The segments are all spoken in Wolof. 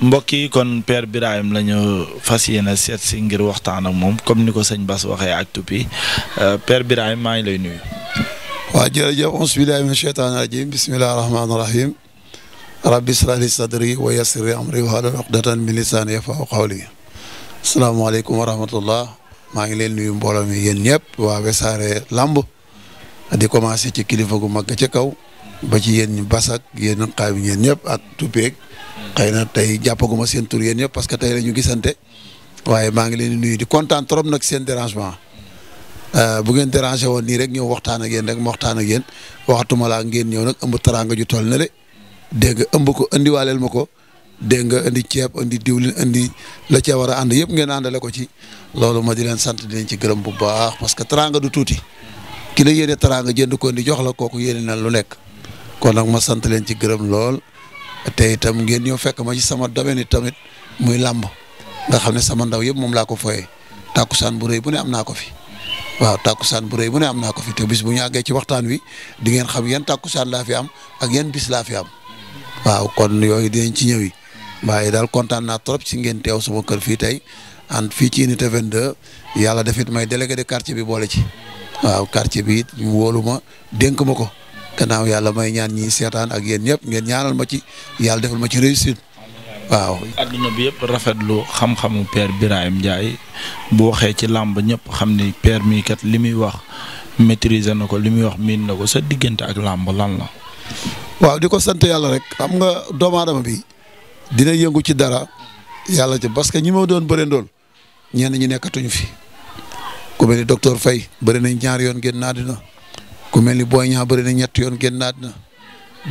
mbokk yi kon Père Birahim lañu ñu fas yéene seet si ngir waxtaan ak moom comme ni ko sëñ Bass waxee ak tupi euh, Père Birahim maa ngi lay nuyu. waa jërëjëf auzu billaahi mina sheytaani rajiim bismillaahi rahmaani rahiim rabbi ishrah li sadri wa yassir li amri wahlul uqdatan min lisaani yafqahu qawli asalaamaaleykum wa rahmatullah maa ngi leen nuyu mbooloo mi yéen ñëpp waa Wassare Lamb di commencé ci kilifa gu mag ca kaw ba ci yéen ñu basak yéen xaay bi ñëpp ak tupeeg xëy na tey jàppaguma seen tur yéen ñëpp parce que tey la ñu gisante waaye maa ngi leen di nuyu di kontaan trop nag seen dérangement euh, bu ngeen dérangé woon nii rek ñëw waxtaan a yéen rek ma waxtaan a yéen waxatuma laa ngeen ñëw nag ëmb teraanga ju toll na le dégg nga ëmb ko indiwaaleel ma ko dégg nga indi ceeb indi diwlin indi la cee war a ànd yëpp ngeen àndale ko ci loolu ma di leen sant di leen ci gërëm bu baax parce que teraanga du tuuti ki la yéene teraanga jënd ko indi jox la kooku yéene na lu nekk kon nag ma sant leen ci gërëm lool. te itam ngeen ñëw fekk ma ci sama domaine yi tamit muy làmb nga xam ne sama ndaw yëpp moom laa ko fooyee tàkkusaan bu rëy bu ne am naa ko fi waaw tàkkusaan bu rëy bu ne am naa ko fi te bis bu ñu àggee ci waxtaan wi di xam yan tàkkusaan laa fi am ak yen bis laa fi am waaw kon yooyu dinañ ci ñëw yi waaye daal kontaan naa trop ci ngeen teew sama kër fii tey and fii ci unité de yàlla dafit may délégué de quartier bi boole ci waaw quartier bi it wóolu ma dénk ma ko. gannaaw yàlla may ñaan ñi seetaan ak yéen ñëpp ngeen ñaanal ma ci yàlla defal ma ci réussite waaw. adduna bi yëpp rafetlu xam-xamu per Birahim Ndiaye bu waxee ci làmb ñëpp xam ni père mii li muy wax maîtriser na ko li muy wax miin na ko sa diggante ak làmb lan la. waaw di ko sant yàlla rek xam nga doomu bi dina yëngu ci dara yàlla ci parce que ñi moo doon bëre ndool ñenn ñi nekkatuñu fi ku mel ni docteur Faye bëri nañ ñaar yoon génn naa dina ku mel ni Boy Niang bëri na ñett yoon génnaat na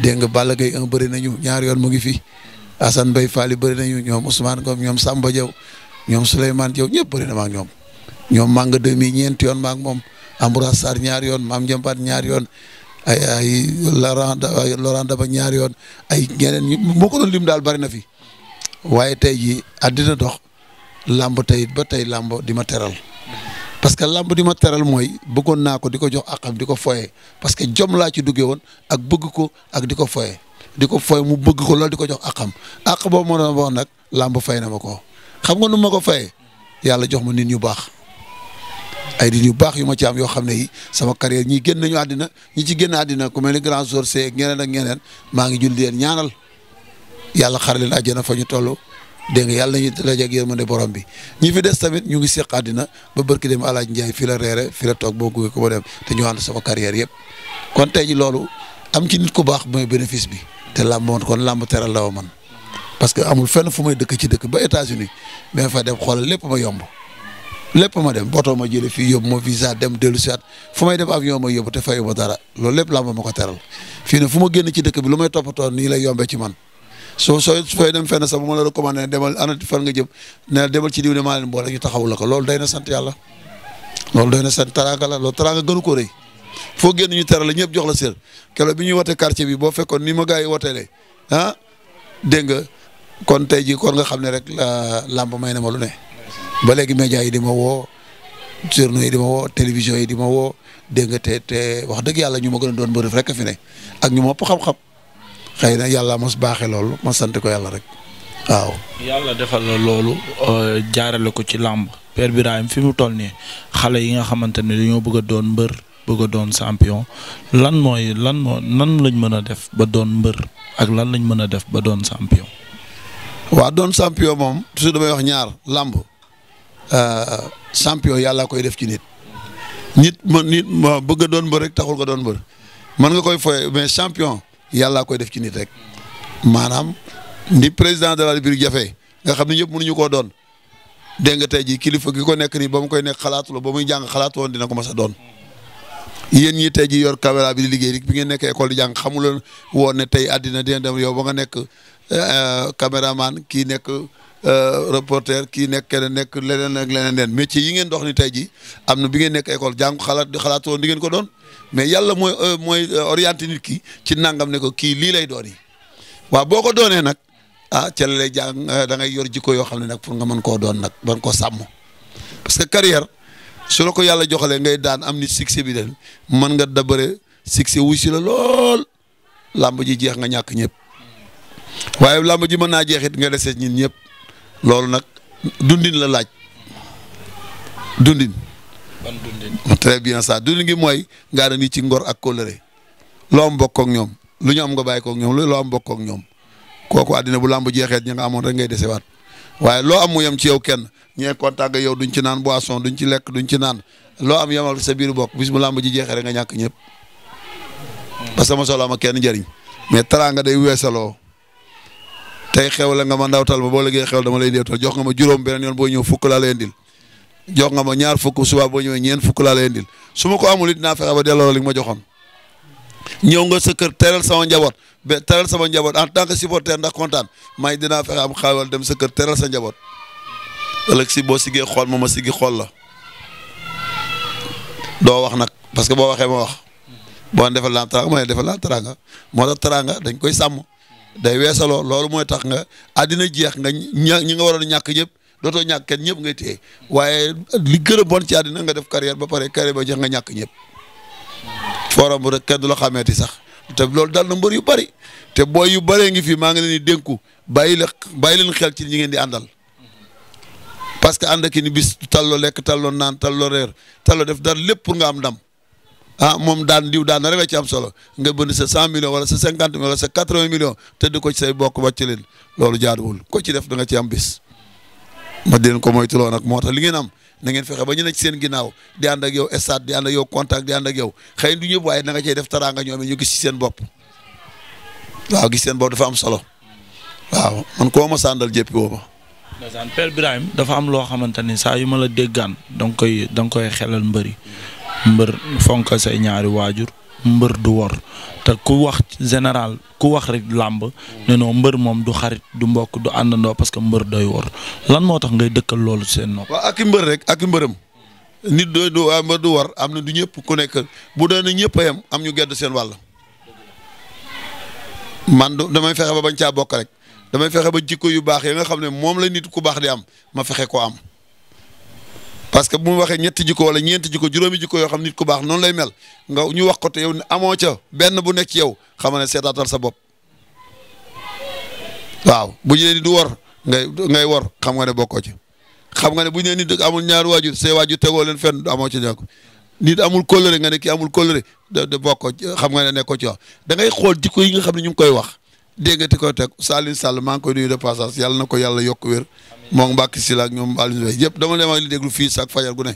dégg nga Balla Gaye nañu ñaar yoon mu ngi assan Assane Mbaye Fall bëri nañu ñoom Ousmane Ngom ñoom Samba Diaw ñoom Souleymane Diaw ñëpp bëri na ma ak ñoom ñoom Manga demi ñeenti yoon ma ak moom Ambroise Sarr ñaar yoon Mame Ndiambar ñaar yoon ay ay Laurent Laurent Daba ñaar yoon ay ñeneen ñi moo lim daal bëri na fi waaye tey jii àddina dox làmb tey ba tey làmb di ma teral parce que làmb di ma teral mooy bëggoon naa ko di ko jox àqam di ko fooye parce que jom laa ci duggee woon ak bëgg ko ak di ko fooye di ko foyee mu bëgg ko lool di ko jox àqam àq boobu ma doon wax nag làmb fay na ma ko xam nga nu ma ko fayee yàlla jox ma nit ñu baax. ay nit ñu baax yu ma ci am yoo xam ne yi sama carrière ñii génn nañu àddina ñi ci génn àddina ku mel ni grand sorcier ak ñeneen ak ñeneen maa ngi julli leen ñaanal yàlla xar leen àjjana fa ñu toll. dégg nga yàlla nañu daje ak yërmande borom bi ñi fi des tamit ñu ngi seq àddina ba barki dem El Hadj Ndiaye fi la reere fi la toog boo gunge ko ba dem te ñu ànd sama carrière yëpp kon tey ji loolu am ci nit ku baax mooy bénéfice bi te làmb woon kon teral la man parce que amul fen fu may dëkk ci dëkk ba États-Unis mais fa dem xoolal lépp ma yomb lépp ma dem boto ma jële fii yóbbu ma visa dem dellu siwaat fu may dem avion ma yóbbu te fayu ma dara loolu lépp làmb ma ko teral fii ne fu ma génn ci dëkk bi lu may toppatoo nii lay yombee ci man soo sooy sooy dem fenn sax bu ma la recommandé demal ana fan nga jëm ne demal ci diw ne maa leen boole ñu taxaw la ko loolu day na sant yàlla loolu doy na sant taraanga la loolu taraanga gënu ko rëy foo génn ñu teral la ñëpp jox la sër keroog bi ñuy wote quartier bi boo fekkoon ni ma gars yi woteelee ah nga kon tey jii kon nga xam ne rek la may ne ma ne ba léegi média yi di ma woo journaux yi di ma woo télévision yi di ma woo dégg nga te te wax dëgg yàlla ñu ma gën a doon mbërëf rek a fi ne ak ñu ma ëpp xëy na yàlla mos baaxe loolu ma sant ko yàlla rek waaw. yàlla defal la loolu euh, jaarale ko ci làmb Père Birahim fi mu toll nii xale yi nga xamante ne dañoo bëgg a doon mbër bëgg doon champion lan mooy lan nan lañ mën a def ba doon mbër ak lan lañ mën a def ba doon champion. waaw doon champion moom toujours damay wax ñaar làmb euh, champion yàlla koy def ci nit. nit ma nit ma bëgg doon mbër rek taxul ko doon mbër mën nga koy foye mais champion. yàllaa koy def ci nit rek maanaam ndi président de la République jafe nga xam ne ñëpp mënuñu koo doon dégg nga tey jii kilifa gi ko nekk nii ba mu koy nekk xalaatu la ba muy jàng xalaatu woon dina ko mas a doon. yéen ñi tey jii yor caméra bi di liggéey rek bi ngeen nekk école di jàng xamuloon woon ne tey àddina dina dem yow ba nga nekk euh, caméraman kii nekk. Euh, reporter kii nekk keneen nekk leneen ak leneen leen métier yi ngeen dox ni tey ji am na bi ngeen nekk école jàng xalaat xalaat woon di ko doon mais yàlla mooy euh, mooy euh, orienté nit ki ci nangam ne ko kii lii lay doon yi waaw boo ko doonee nag ah ca lay jàng da yor jikko yoo xam ne nag pour nga mën koo doon nag mën koo sàmm parce que carrière su la ko yàlla joxalee ngay daan am nit succès bi den mën nga dabare succès wu si la lool làmb ji jeex nga ñàkk ñëpp waaye làmb ji mën naa jeexit nga dese ñun ñëpp loolu nag dundin la laaj dundin. ban dundin. très bien ça dundin gi mooy ngaa da ni ci ngor ak kóllëre loo am bokk ñoom lu ñu am nga bàyyi ko ak ñoom loo am bokk ñoom kooku addina bu làmb jeexee ña nga amoon rek ngay waat waaye loo am mu yem ci yow kenn ñee contact yow duñ ci naan boisson duñ ci lekk duñ ci naan loo am yemal sa biir bokk bis bu làmb ji jeexee rek nga ñàkk ñëpp. parce que ma solo ma kenn njëriñ mais teraanga day weesaloo. tey xew la nga ma ndawtal ba boo léegi xew dama lay ndewtal jox nga ma juróom beneen yoon boo ñëw fukk laa lay indil ma ñaar fukk suba boo ñëwee ñeent fukk laa lay su ma ko amul it naa delloo li ma joxoon ñëw nga sa kër teral sama njaboot ba teral sama njaboot en tant que supporter ndax kontaan may dinaa fexe am xaawal dem sa kër teral sa njaboot boo siggee xool ma ma siggi xool la doo wax nag parce que boo waxee ma wax boo defal laa teraanga ma ne defal laa moo tax teraanga dañ koy sàmm day weesaloo loolu mooy tax nga àddina jeex nga ñi nga waroon a ñàkk ñëpp dootoo ñàkk kenn ñëpp ngay téye waaye li gën a ci àddina nga def carrière ba pare carrière ba jeex nga ñàkk ñëpp forum bu rek kenn du la xameeti sax te loolu dal na mbër yu bari te booy yu bëree ngi fi maa ngi leen di dénku bàyyi la bàyyi leen xel ci ñi ngeen di àndal parce que ànd ak ni bis talloo lekk talloo naan tallo reer talloo def dar lépp pour nga am dam ah moom daan diw daan na rek ci am solo nga bënd sa cent millions wala sa cinquante millions wala sa quatre-vingts millions tëdd ko ci bokk wàcc leen loolu jaaduwul ko ci def da nga ci am bis. ma di leen ko moytuloo nag moo tax li ngeen am na ngeen fexe ba ñu ne ci seen ginnaaw di ànd ak yow stade di ànd ak yow contact di ànd yow xëy du ñëpp waaye na cay def taraanga ñoom ñu gis ci seen bopp waaw gis seen bopp dafa am solo waaw man koo ma sàndal jéppi woo ma Père Birahim dafa am loo xamante ni saa yu ma la déggaan da koy da nga koy mbër fonkal say ñaari waajur mbër du wor te ku wax général ku wax rek làmb ne non mbër moom du xarit du mbokk du àndandoo parce que mbër doy wor lan moo tax ngay dëkkal loolu seen nopp. waaw ak mbër rek ak i mbërëm nit doy du waa ah, mbër du wor am na du ñëpp ku nekk bu doon na ñëpp a am ñu gedd seen wàll. man damay fexe ba bañ caa bokk rek damay fexe ba jikko yu baax yi nga xam ne moom lay nit ku baax di am ma fexe ko am. parce que bu mu waxee ñetti jikko wala ñeenti jikko juróomi jikko yoo xam nit ku baax noonu lay mel nga ñu wax ko te yow amoo ca benn bu nekk ci yow xam ne seetaatal sa bopp bu ñu nee du wor ngay ngay wor xam nga ne bokkoo ci xam nga ne bu ñu nee nit amul ñaar waajur say waajur tegoo leen fenn amoo ci ñàkk nit amul kóllëre nga ne kii amul kóllëre de de bokkoo xam nga ne nekkoo ci wax dangay xool jikko yi nga xam ne ñu ngi koy wax dégg nga te koy teg Saliou Sall maa ngi koy nuyu de passage yàlla na ko yàlla yokk wér moom Mbacke Sylla ak ñoom Alioune Mbaye yëpp dama demaa li déglu fii sax fajar gu ne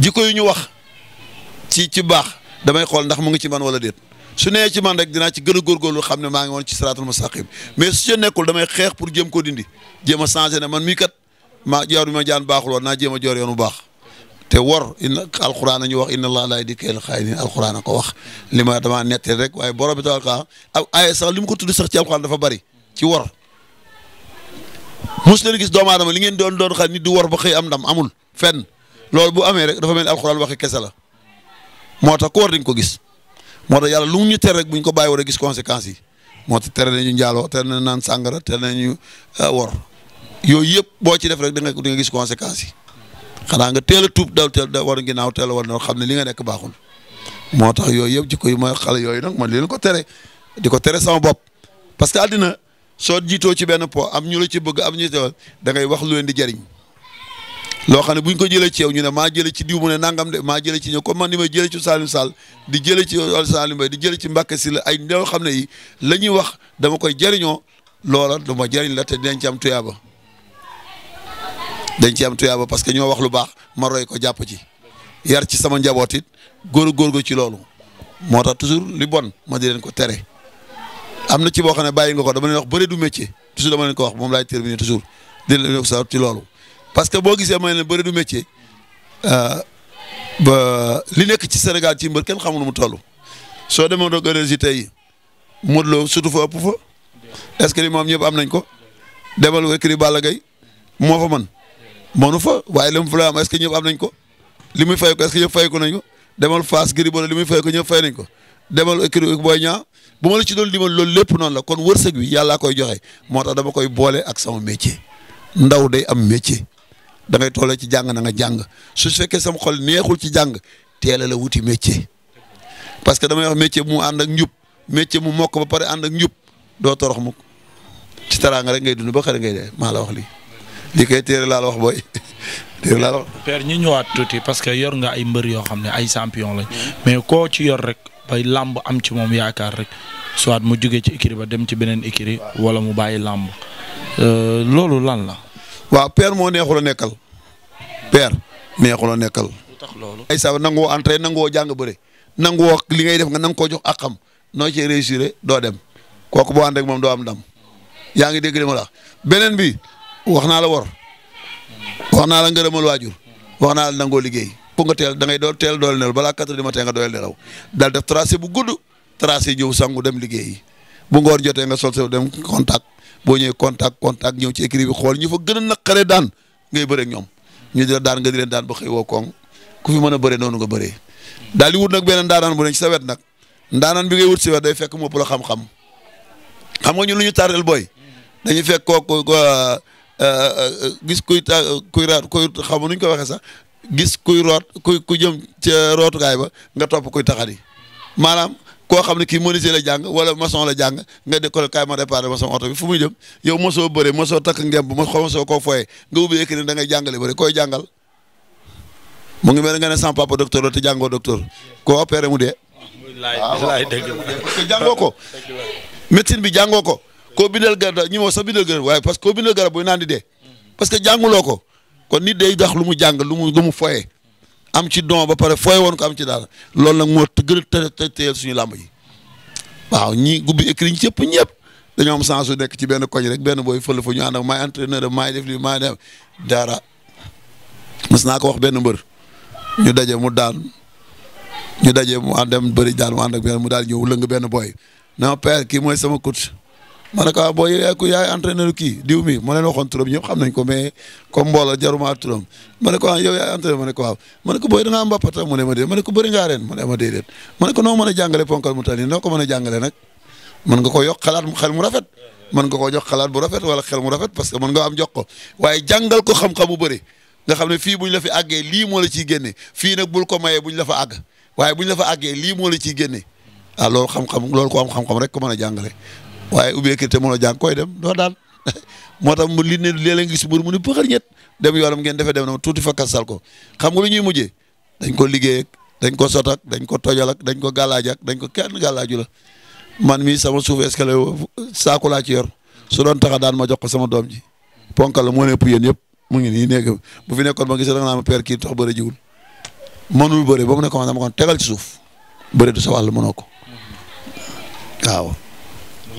jikko yu ñu wax ci ci baax damay xool ndax mu ngi ci man wala déet su nee ci man rek dinaa ci gën a góorgóorlu xam ne maa ngi woon ci siraatul mustaqim mais su ca nekkul damay xeex pour jéem ko dindi jéem a changé man mii kat maa jaar bi ma jaan baaxul woon naa jéem a joor yoonu baax te wor inna alxuraan ñu wax inna allah laa yahdi kaydal xaa'iniin alxuraan a ko wax li ma damaa netteel rek waaye borom bi taala ak ay sax li ko tudd sax ci dafa bari ci wor mos leen gis doomu aadama li ngeen doon doon xam nit di wor ba xëy am ndam amul fenn loolu bu amee rek dafa mel ni alxuraan waxi kese la moo tax ku war dañ ko gis moo tax yàlla lu mu ñu ter rek bu ko bàyyi war a gis conséquences yi moo tax tere nañu njaaloo tere nañu naan sàngara tere nañu euh, wor yooyu yëpp boo ci def rek da nga di nga gis conséquences yi xanaa nga teel a tuub daw teel da war ginnaaw teel a war na xam ne li nga nekk baaxul moo tax yooyu yëpp jikko yi mooy xale yooyu nag man leen ko tere di ko tere sama bopp parce que soo jiitoo ci benn po am ñu la ci bëgg am ñu la da ngay wax lu leen di jariñ loo xam ne buñ ko jëlee ci yow ñu ne maa jëlee ci diw mu ne nangam de maa jëlee ci ñëw ko man ni may jëlee ci Salim Sall di jëlee ci Salim Bay di jëlee ci Mbàkke si la ay loo xam ne yi la ñuy wax dama koy jariñoo loola du ma jariñ la te dinañ ci am tuyaaba dañ ci am tuyaaba parce que ñoo wax lu baax ma roy ko jàpp ci yar ci sama njaboot it góor góor go ci loolu moo tax toujours li bon ma di leen ko tere am na ci boo xam ne bàyyi nga ko dama leen wax bëre du métier toujours dama leen ko wax moom laay terminer toujours di loolu. parce que boo gisee ma ne leen bëre du métier euh, li nekk ci Sénégal ci mbër kenn xamul nu mu toll soo demoon doog tey yi Modou Lo surtout fa ëpp fa est-ce que li moom ñëpp am nañ ko demal wékkiri Balla Gaye moo fa man mënu fa waaye li mu fa am est-ce que ñëpp am nañ ko li muy fay est que ñëpp fay ko nañ ko demal Fass Gris Bordeaux li muy fay ko ñëpp nañ ko demal wékkiri Boy Niang bu ma la ci doon limal loolu lépp noonu la kon wërsëg wi yàllaa koy joxe moo tax dama koy boole ak sama métier ndaw day am métier da ngay ci jàng na nga jàng su sekkee sama xol neexul ci jàng teel a la wuti métier parce que damay wax métier mu ànd ak njub métier mu mokk ba pare ànd ak njub doo torox ci teraanga rek ngay dund ba xëy ngay dee maa wax lii lii koy wax booy téere laa ñëwaat tuuti parce que yor nga ay mbër yoo xam ne ay champion lañ mais ko ci yor rek. ba làmb am ci moom yaakaar rek soit mu jógee ci écurie ba dem ci beneen écurie wala mu bàyyi làmb euh, loolu lan la. waaw père moo neexul a nekkal. per neexul a nekkal. lu tax loolu. ay saa nangoo entraîné nangoo jàng bëre nangoo li ngay def nga nang koo jox ak xam noo cee réussir doo dem kooku boo ànd rek moom doo am ndam yaa ngi dégg li la beneen bi wax naa la wor wax naa la ngërëmal waajur wax naa la nangoo liggéey. pour nga teel da ngay dool teel dool nelaw balaa 4 heures du matin nga dool nelaw daal def tracé bu gudd tracé ñëw sangu dem liggéey bu ngoor jotee nga sol sa dem contact boo ñëwee contact contact ñëw ci écrit bi xool ñu fa gën a naqaree daan ngay bëre ak ñoom ñu di la daan nga di leen daan ba xëy woo koŋ ku fi mën a bëree noonu nga bëree daal di wut nag beneen ndaanaan bu ne ci sa wet nag ndaanaan bi ngay wut si wet day fekk mopp la xam-xam xam nga ñun lu ñu tardel booy dañuy fekk kooku euh, euh, euh, gis kuy ta kuy ra kuy xamu nuñ ko waxee sax gis kuy root kuy ku jëm ca rootukaay ba nga topp kuy taxani maanaam koo xam ne kii menuisier la jàng wala maçon la jàng nga di ko kaay ma réparé ma sama oto bi fu muy jëm yow mosoo bëre mosoo takk ngemb mosoo koo foyee nga ubbi yëkk ne da jàngale bëri koy jàngal mu ngi mel nga ne sans papa docteur la te jàngoo docteur koo opéré mu dee. Ah, waaw dëgg jàngoo ko. médecine bi jàngoo ko. koo bindal garab ñi moo sax bindal garab waaye parce koo bindal garab buy naan di dee. parce jànguloo ko. kon nit day dax lu mu jàng lu mu lu mu foye am ci don ba pare foye woon ko am ci daal loolu nag mu gën a të të tëyal suñu làmb yi waaw ñi gubbi écrit ñi cëpp ñëpp dañoo am chance su nekk ci benn koñ rek benn booy fël ñu ànd ak maay entraîneur maay def lii maay def dara naa ko wax benn mbër ñu daje mu daan daje mu ànd dem bëri daan mu ànd ak mu daal ñëw lëng benn booy non père kii mooy sama coach ma ne ko ah, eh, yaay ku kii diw mi ma leen waxoon turam ñëpp xam nañ ko mais comme mbooloo jaruma ne ko ah yow yaay entraîneur ma ne ko waaw ma ne ko booy da ngaa mbàppata mu ne ma déedéet ma bëri ngaa ren mu ne ma déedéet ma ne ko noo mën a jàngale ponkal mu tani noo ko mën a jàngale mën nga ko yokk xalaat xel mu rafet mën nga ko jox xalaat bu rafet wala xel mu rafet parce que mën nga am jox ko waaye jàngal ko xam-xam bu bëri nga xam ne fii buñ la fi àggee lii moo la ciy génne fii nag bul ko mayee buñ la fa àgg waaye buñ la àggee lii moo la ciy génne ah loolu loolu ko am xam rek ko mën a jàngale waaye ubbee kër te mënoo jàng koy dem doo daan moo tax mu li ne léeg-léeg nga gis mbir mu ni pëxër ñett dem yoonam ngeen defee dem na tuuti fa kasal ko xam nga lu ñuy je dañ ko liggéey ak dañ ko sot ak dañ ko tojal ak dañ ko gàllaaj dañ ko kenn gàllaaju la man mii sama suuf escalier saako laa ci yor su doon taxa daan ma jox ko sama doom ji ponkal la moo nekk yéen yëpp mu ngi nii nekk bu fi nekkoon ba gisee da nga naa ma père kii tax bëri jiwul mënul bëri ba mu nekkoon dama kon tegal ci suuf bëri du sa wàll mënoo ko waaw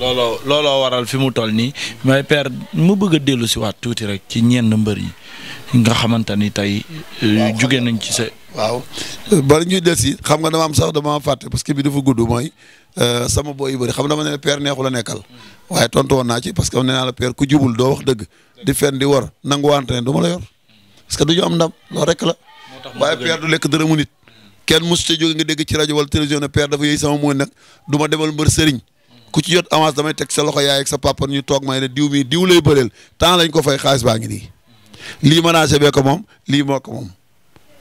looloo looloo waral fi mu toll nii mais père mu bëgg a dellu si waat tuuti rek ci ñenn mbër yi nga xamante ni tey. Euh, jóge nañ ci sa. waaw bala ñuy des si xam nga dama am sax dama fàtte parce que bi dafa gudd mooy euh, sama booy yu bëri xam nga dama ne père neexu la nekkal waaye tontu woon naa ci parce que nee naa la père ku jubul doo wax dëgg di fen di war nanguwante ne du ma la yor parce que du ñu am ndam loolu rek la. waaye père du lekk dërëmu nit. kenn mosu ca jóge nga dégg ci rajo walla télévision ne père dafa yëy sama mooy nag du ma demal mbër sëriñ ku ci jot avance damay teg sa loxo yaay ak sa papa ñu toog may ne diw mii diw lay bëreel temps lañ ko fay xaalis baa ngi nii lii managé bee ko moom lii moo ko moom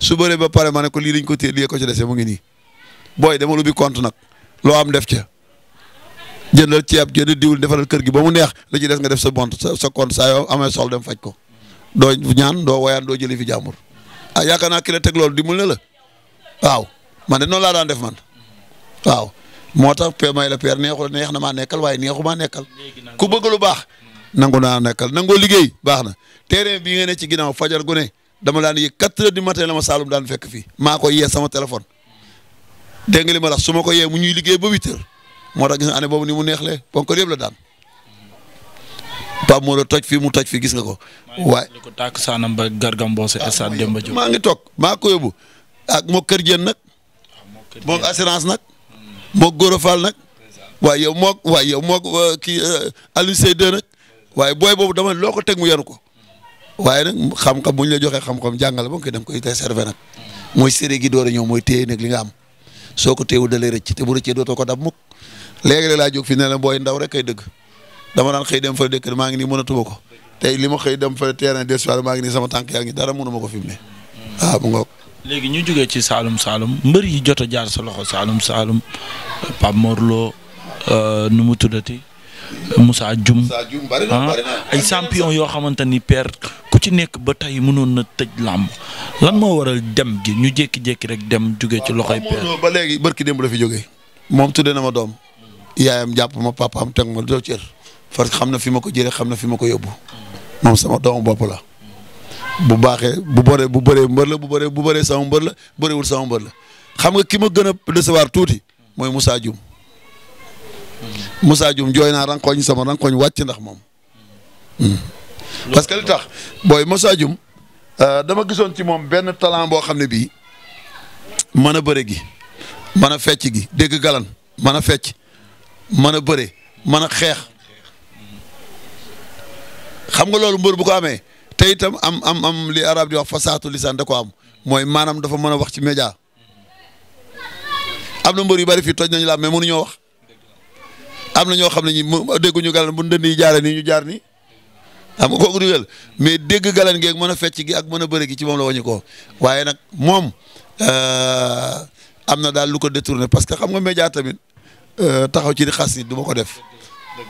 su bëree ba pare ma ne ko lii dañ ko téye lii ko ci dese mu ngi nii booy dema lu bi compte nag loo am def ca jëndal ceeb jënd diwul defaral kër gi ba mu neex la ci des nga def sa bont sa sa compte saa yoo amee soxla dem faj ko doo ñaan doo woyaan doo jëli fi jàmbur ah yaakaar naa ki la teg loolu dimbal na la waaw man de noonu laa daan def man moo tax pe may la peer neexul neex na maa nekkal waaye neexu maa nekkal ku bëgg lu baax nangu naa nekkal nangoo liggéey baax na terrain bii nga ci ginnaaw fajar gu ne dama daan yëg quatre heures la ma Saalum daan fekk fii maa ko yee sama téléphone dégg nga la su ma ko yee mu ñuy liggéey ba huit moo tax gis nga boobu ni mu neexlee bonkal yëpp la daan Pape Modou toj fii mu toj fii gis nga ko. waaye ko tàkk saanam ba gargam boose ah, stade Demba Diop maa ngi toog maa ko yóbbu ak moo kër jën nag. moo assurance nag. moog goro Fall nag waaye yow moog waaye yow moog euh, kii euh, Aliou Seyde nag waaye booy boobu dama loo ko teg mu yanu ko waaye nag xam-xam bu ñu la joxee xam-xam jàngale ba koy dem koy servé nag mooy séré gi door a mooy téye nag li nga am soo ko téewul da lay rëcc te bu rëccee dootoo ko dam mukk léegi la laa jóg fi ne la booy ndaw rek kay dëgg dama naan xëy dem fa dëkk maa ngi nii mënatuma ko tey li ma xëy dem fa terrain d'espoir maa ngi nii sama tànk yaa ngi dara mënuma ko fi mu ne waaw ngoog léegi ñu jógee ci Saalum Saalum mbër yi jot a jaar sa loxo Saalum Saalum Pape Morlo euh, nu mu tuddati Moussa Dioum ah, ay champion yoo xamante ni père ku ci nekk ba tey mënoon na tëj làmb lan moo waral dem gi ñu jékki-jékki rek dem jóge ci loxoy père ba léegi bërki démb la fi jóge moom tudde na ma doom yaayam jàpp ma papaam teg ma doo cër parce que xam na fi ma ko jëlee xam na fi ma ko yóbbu moom sama doom bopp la bu baaxee bu bëree bu bëree mbër la bu bëree bu bëree sama mbër la bëriwul sama mbër la xam nga ki ma gën a décevoir tuuti mooy Moussa Dioum hmm. Moussa Dioum jooy naa rankooñ sama rankooñ wàcc ndax moom. Hmm. parce que li tax booy Moussa Dioum euh, dama gisoon ci moom benn talent boo xam ne bii mën a bëre gi mën a fecc gi dégg galan mën a fecc mën a bëre mën a xeex xam nga loolu mbër bu ko amee. te itam am am am li arab di wax fasaatu lisaan da ko am mooy maanam dafa mën a wax ci média am na mbër yu bari fii toj nañu la mais mënuñoo wax am na ñoo xam ne ñi dégguñu galan bu ndënd yi jaare nii ñu jaar nii xam nga kooku dugal mais dégg galan geeg mën a fecc gi ak mën a bëre gi ci moom la wañu ko waaye nag moom euh, am na daal lu ko détourné parce que xam nga média tamit euh, taxaw ci di xas nit du ko def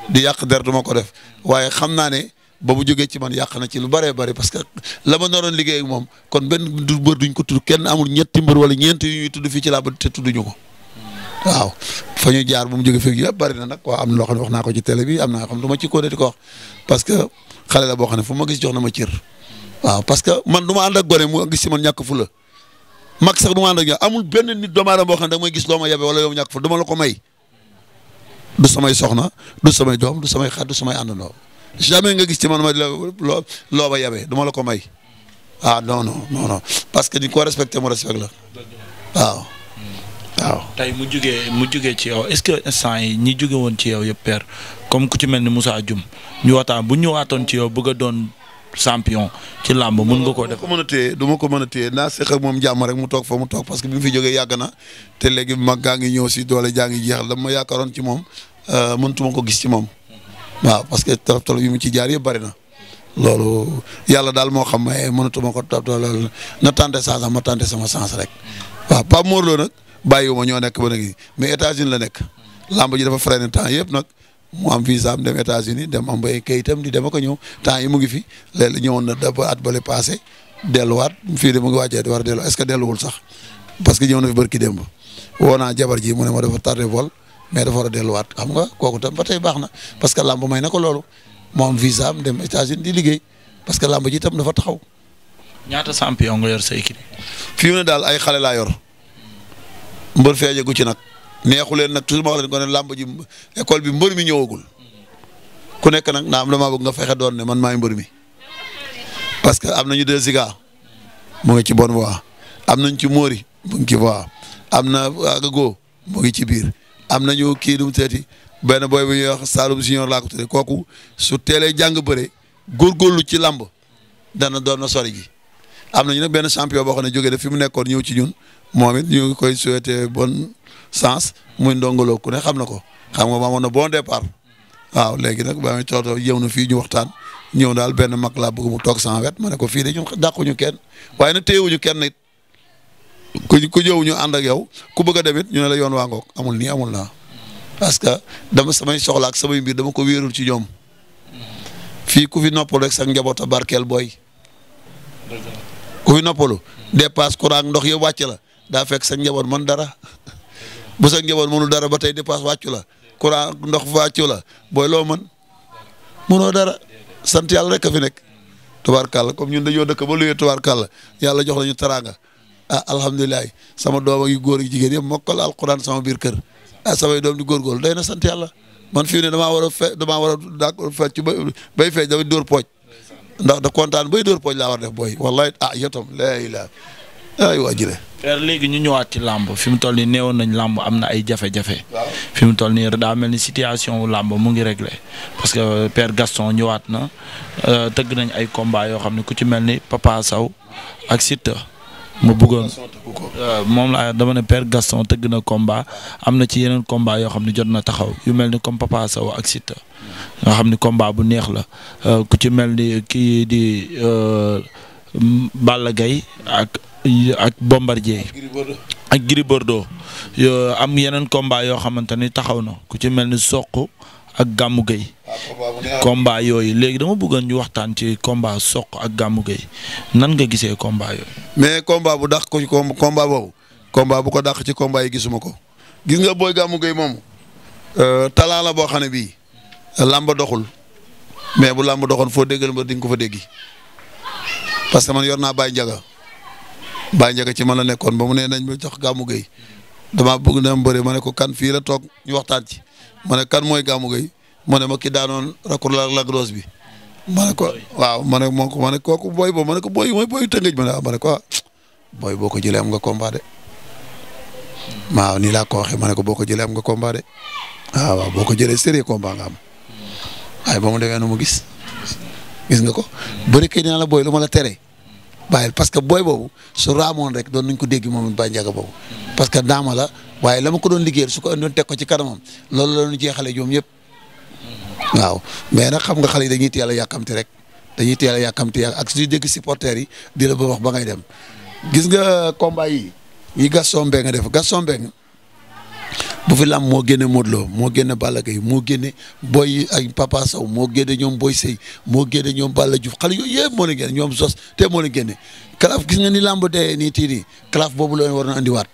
di yàq der du ko def waaye xam naa ne ba mu jógee ci man yàq na ci lu bare bëri parce que la ma naroon liggéey moom kon benn du mbër duñ ko tudd kenn amul ñetti mbër wala ñeent yu ñuy tudd fii ci làmb te tudduñu ko waaw fa ñu jaar bu mu jógee fii yëpp bëri na nag waaw am loo xam ne wax naa ko ci télé bi am naa xam du ma ci ko di ko wax que xale la boo xam ne fu ma gis jox na ma cër waaw parce que man du ma ànd ak gone mu gis si man ñàkk fu la mag sax du ma ànd amul benn nit doomu boo xam ne da may gis ma yabe wala yow ñàkk fu du ma la ko may samay soxna du samay doom du samay xarit du samay àndandoo jamais nga gis ci man ma la loo loo ba yabe du ma la ko may ah non non non non parce que ni ko respecté mu respect la waaw. waaw tey mu jugee mu jugee ci yow est-ce que instant yi ñi jóge woon ci yow yëpp père comme ku ci mel ni Moussa Dioum ñu waxtaan bu ñu ñëwaatoon ci yow bëgg a doon champion ci làmb mën nga koo def. du ma ko mën a téye du ma ko mën a téye naa seq ak moom jàmm rek mu toog fa mu toog parce que bi mu fi jógee yàgg na te léegi mag gaa ngi ñëw si doole jaa ngi jeex la ma yaakaaroon ci moom euh, mëntu ma ko gis ci moom. waaw parce que tolof tolof yi mu ci jaar yëpp bari na loolu yàlla daal moo xam maye mënatuma ko tolof tolof na tenter chance ma tenter sama chance rek waaw Pape Mor Lo nag bàyyiwuma ñoo nekk ba nag mais États-Unis la nekk. lamb ji dafa freiné temps yëpp nag mu am visa am dem États-Unis dem am ay kayitam di dem ak a ñëw temps yi mu ngi fi léeg na daba at bële passé delluwaat fii de mu ngi waajee war a dellu est-ce que delluwul sax parce que ñëw na fi barki démb woo naa jabar ji mu ne ma dafa tardé mais dafa war a delluwaat xam nga kooku tam ba tey baax na parce que làmb may na ko loolu moom am visa am dem États-Unis di liggéey parce que làmb ji tam dafa taxaw. ñaata champion nga yor sa équipe. fi mu ne daal ay xale laa yor mbër feeñe gu ci nag neexu leen nag toujours ma wax leen ko ne làmb ji école bi mbër mi ñëw ñëwagul ku nekk nag naa am damaa bëgg nga fexe doon ne man maay mbër mi parce que am nañu deux Ziga mu ngi ci bonne voie am nañ ci Mori mu ngi ci am na Agago mu ngi ci biir. am nañu kii nu mu teeti benn booy bu ñuy wax Saloum Junior laa ko tuddee kooku su teelee jàng bëre góorgóorlu ci làmb dana doon na sori ji am nañu nag benn champion boo xam ne jógee daf fi mu nekkoon ñëw ci ñun moom it ñu ngi koy souhaiter bonne chance muy ndongoloo ku ne xam na ko xam nga amoon na bon départ waaw léegi nag ba muy tootoo yëw na fii ñu waxtaan ñëw daal benn mag laa bëgg mu toog sama wet ma ne ko fii de ñun dàquñu kenn waaye nag téyewuñu kenn it ku ku ñëw ñu ànd ak yow ku bëgg a it ñu ne la yoon waa ngoog amul nii amul naa parce que dama samay soxla samay mbir dama ko wéerul ci ñoom fii ku fi noppalu rek sa njaboot a barkeel booy. ku fi noppalu dépasse courant ndox yëpp wàcc la daa fekk sa njaboot man dara bu sa njaboot mënul dara ba tey dépasse wàccu la courant ndox wàccu la booy loo mën mënoo dara sant yàlla rek a fi nekk tubaarkàlla comme ñun dañoo dëkk ba luy tubaarkàlla yàlla jox lañu teraanga ah alhamdulilah sama doom ak yu góor yu jigéen yëpp mokkal alquran sama biir kër ah samay doom di góorgóorlu day na sant yàlla man fii ne damaa war a fe damaa war a daag ba bay dóor pooj ndax da kontaan bay dóor pooj laa war def booy wallahi ah yotam laa ilaa ay waa jire léegi ñu ñëwaat ci làmb fi mu toll nii néewoon nañ làmb am na ay jafe-jafe. fi mu toll nii daa mel ni situation wu làmb mu ngi réglé parce que Père Gaston ñëwaat na euh, tëgg nañ ay combat yoo xam ne ku ci mel ni Papa Sow ak Siteu ma bëggoon moom la dama ne Père Gaston tëgg na combat am na ci yeneen combat yoo xam ne jot na taxaw yu mel ni comme Papa ak Siteu yoo xam ni combat bu neex la euh, ku ci mel ni kii di euh, Balla Gaye ak ak Bombardier ak Gris Bordeaux am yeneen combat yoo xamante ni taxaw na ku ci mel ni soq ak Gamou Gueye combat yooyu léegi dama bëggoon ñu waxtaan ci combat soq ak Gamou Gueye nan nga gisee combat yooyu. mais combat bu dàq ko ci komba boobu. combat bu ko dàq ci komba yi gisuma ko. gis nga booy gàmmu Gueye moom. Euh, talent boo xam ne bii. làmb doxul. mais bu làmb doxoon foo déggal ma di ko fa déggi parce que man yor naa Baye Ndiaga Baye Ndiaga ci man la nekkoon ba mu ne nañ ma jox gàmmu Gueye damaa bëgg na mbëri ma ne ko kan fii la toog ñu waxtaan ci. ma ne kan mooy Gamou Gueye mu ma ki daanoon la Lac Rose bi ma ko waaw ma ne ma ko ma ne kooku booy boobu ma ne ko booy mooy booy tëngëj ma ne ko ah, booy boo ko jëlee am nga combat de waaw nii laa ko waxee ma ne ko boo ko jëlee am nga komba de waaw waaw boo ko jëlee sérieux combat nga am waaye ba mu demee nu mu gis gis nga ko bëri kay naa la booy lu ma tere teree bàyyil parce que booy boobu su raamoon rek doon nañ ko dégg moom it bàyyi njaga boobu parce waaye la ma ko doon liggéeyal su ko doon teg ko ci kanam loolu la ñu jeexalee ñoom ñëpp waaw mais nag xam nga xale yi dañuy teel a yàkkamti rek dañuy teel a yàkkamti ak suñu dégg supporters yi di la ba wax ba ngay dem. gis nga combat yi yi Gaston Mbengue def Gaston Mbengue bu fi lam moo génne Modou Lo moo génne Balla Gaye moo génne Boy ay Papa saw moo génne ñoom Boy Sey moo génne ñoom Balla Diouf xale yooyu yëpp moo leen génne ñoom sos te moo leen génne. kalaaf gis nga ni lamb dee nii tii boobu la war na andiwaat.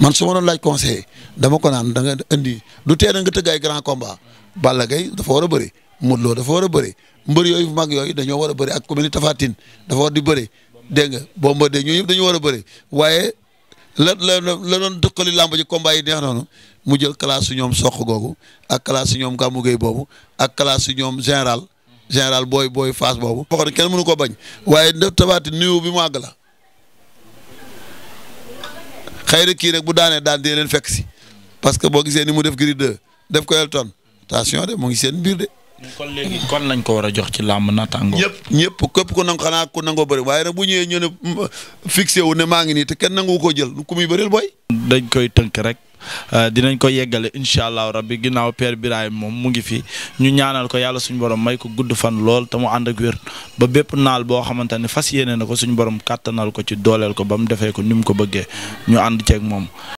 man su ma doon laaj conseil dama ko naan da nga indi du tee nga tëgg ay grand combat Balla Gaye dafa war a bëri Modou Lo dafa war a bëri mbër yooyu mag yooyu dañoo war a bëri ak ku mel ni Tapha Tine dafa war di bëri dégg nga Bombardier ñooñu dañu war a bëri waaye la la la doon dëkkali làmb ji combat yi neex noonu mu jël classe ñoom soq googu ak classe su ñoom Gamou boobu ak classe su ñoom général général booy booy Fass boobu. boo xam ne kenn mënu ko bañ waaye Tapha Tine niveau bi mu àgg la. xëy na kii nag bu daanee daan dee leen fekk si parce que boo gisee ni mu def Gris 2 def ko Elton attention de mu ngi seen mbir de. kon léegi kon lañ ko war a jox ci làmb naataango. ñëpp ñëpp képp ku nangu xanaa ku nangoo bëri way nag bu ñëwee ñu ne mm, fixé wu ne maa ngi nii te kenn nangu ko jël ku muy bëril booy. dañ koy tënk rek. Euh, dinañ ko yeggale incha allahu rabbi ginnaaw père Birahim moom mu ngi fi ñu ñaanal ko yàlla suñu borom may ko gudd fan lool te mu ànd ak wér ba bépp naal boo xamante ne fas yéene na ko suñu borom kàttanal ko ci dooleel ko ba mu defee ko ni mu ko bëggee ñu ànd ceeg moom.